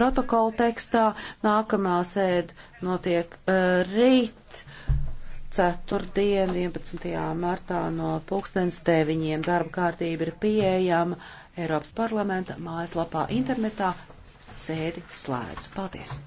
protokola tekstā. Nākamā sēde notiek uh, rīt, ceturtdien, 11. martā no pulkstens deviņiem. Darba kārtība ir pieejama Eiropas parlamenta mājaslapā internetā. Sēdi slēdz. Paldies!